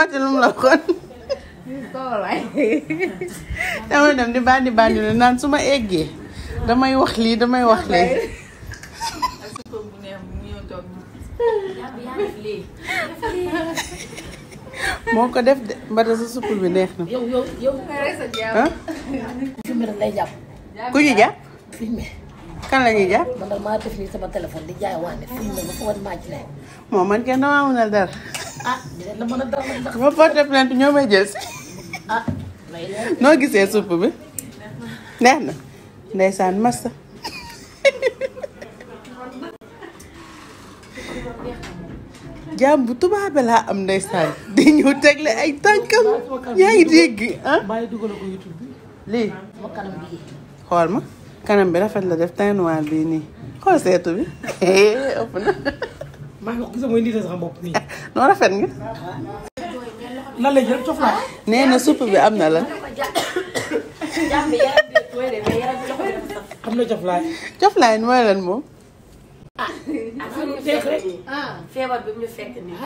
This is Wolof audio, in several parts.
macam lakon dama dem di bandi bandi la naan su ma eggee damay wax lii damay wax lii moo def de mbata suppul bi neex na ku ñu jàpp kan la ñuy man maa def nii sama téléphone di jaay waane ma wan maa ci nekk moo ah porté plainte ñoo may jël si. ah noo gisee supp bi. neex na ndeysaan massa. jaam bu tubaabe laa am ndeysaan di ñëw tegle ay tànkam yaa ngi dégg ah. lii ah, xool ma kanam bi rafet la def teint noir bii nii xool seetu bi ëpp na. maa ngi wax gis rafet nga. lan na supp bi am na lan. na coflaay. coflaay mooy lan moom. bi mu fekk nii.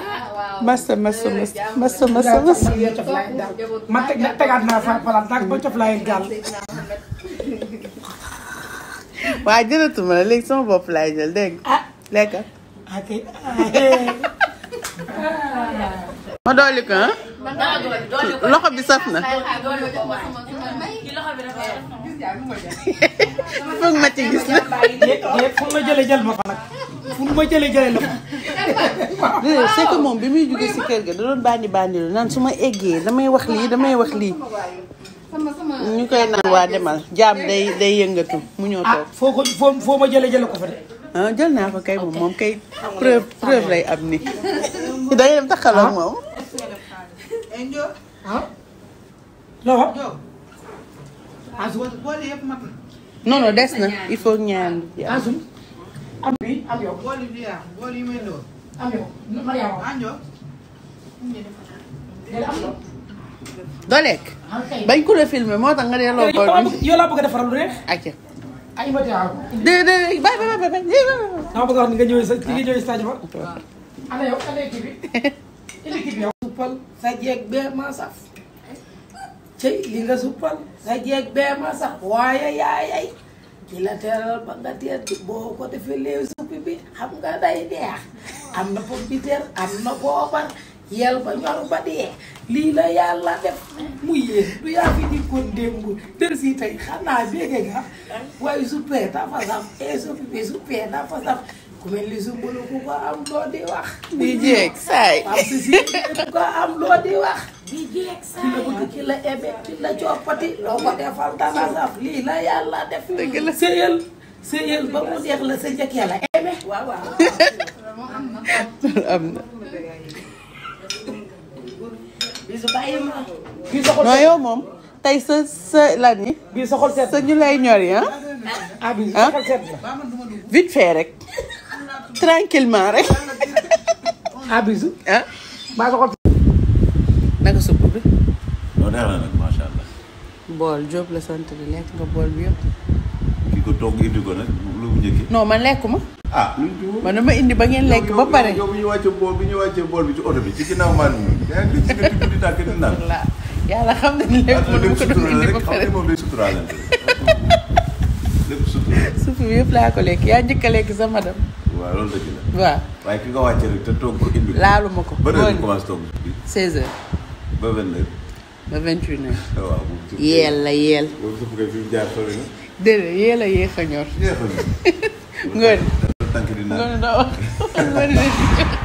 massa massa massa massa ma teg na tegaat naa fa palaan tànk ba coflaay gaal. waaw jëlatuma la léegi sama bopp laay jël dégg nga. Ah. ma dolli ko ah? loxo bi saf na foog ma ci gis na fu ma jële jël ma fa nag fu ma jële jële la c'est que moom bi muy jóge si kër gi da doon bànni bànni naan su ma eggee damay wax lii damay wax lii ñu koy naan waa demal jaam day day yëngatu mu ñëw toog ah, foo ko foo ma jële jële ko fa de ah jël naa ko kay moom moom kay. preuve preuve lay am ni da ngay dem takkal moom. Eh, ah? non des na il faut ñaan. am bi am yow. am ah, doo lekk. Ah, bañ ku la moo tax nga delloo bool bi yow laa bëgg a defaral lu neex. ay ma daa de de bay bye bye bye dama bye. wax ni nga ñëw sa nga ñëw stage ba ana yow ana équipe bi équipe yow suppal sa jeeg bee ma saf ci li sa jeeg bee ma saf waaye yaay ay ki la teeral ba nga teer ko defee léew suppi bi xam nga day neex am na am na yel ba ñor ba dee lii la mu yéen du yaa fi dikkoon démb dër si tey xanaa dégg nga waaye su pee dafa saf e su pee su pee dafa saf ku mel ni sumbulu ku ko la bëgg ki la ebe la coppati loo ko defal dana saf lii la def. dëgg la sëyal sëyal ba mu neex la sa njëkk yàlla ebe. am na. non yow moom tey sa sa lan yi. bii sa sa ñu lay ñor yi ah. ah rek. tranquillement rek. ah bisu. ah. bool Diop la sant di lekk nga bool bi yëpp. ki ko togg ko nag lu mu njëkkee. non man lekkuma. ah a ñu man dama indi ba ngeen lekk ba pare. yow bi ñu wàccee bool bi ñu wàccee bool bi ci oto bi ci yàlla xam nañ lépp mënu ko doon indi ba pare moom day suturaalante lépp sutura suuf bi yëpp laa ko lekk yaa njëkk a lekk sa madam waaw loolu dëgg la waaw waaye ki nga wàcce rek te toog ko indi laalu ma ko ba heure commencé toog bi seize heures ba vingt heures ba vingt une heures waaw yeel la yeel boobu suuf kay fi mu jaar sori na déedéet yeel a yéex a ñor yéex a ñor ngoon ngoon daa wax ngoon